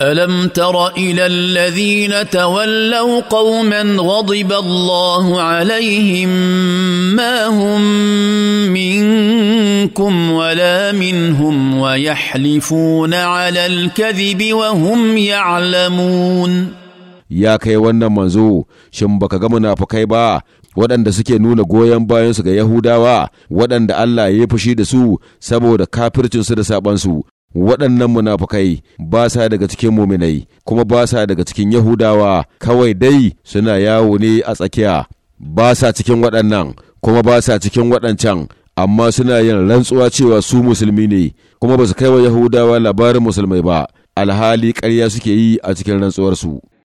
الم تر الى الذين تولوا قوما غضب الله عليهم ما هم منكم ولا منهم ويحلفون على الكذب وهم يعلمون ya kai wannan manzo shin baka ga munafukai ba waɗanda suke nuna goyon bayansu ga Yahudawa waɗanda Allah ya fushi da su saboda kafircinsu da sabansu waɗannan munafukai ba sa daga cikin muminai kuma ba sa daga cikin yahudawa kawai dai suna yawo ne a tsakiya ba sa cikin waɗannan kuma ba sa cikin waɗancan amma suna yin rantsuwa cewa su musulmi ne kuma ba su kai wa yahudawa labarin musulmai ba alhali ƙarya suke yi a cikin rantsuwarsu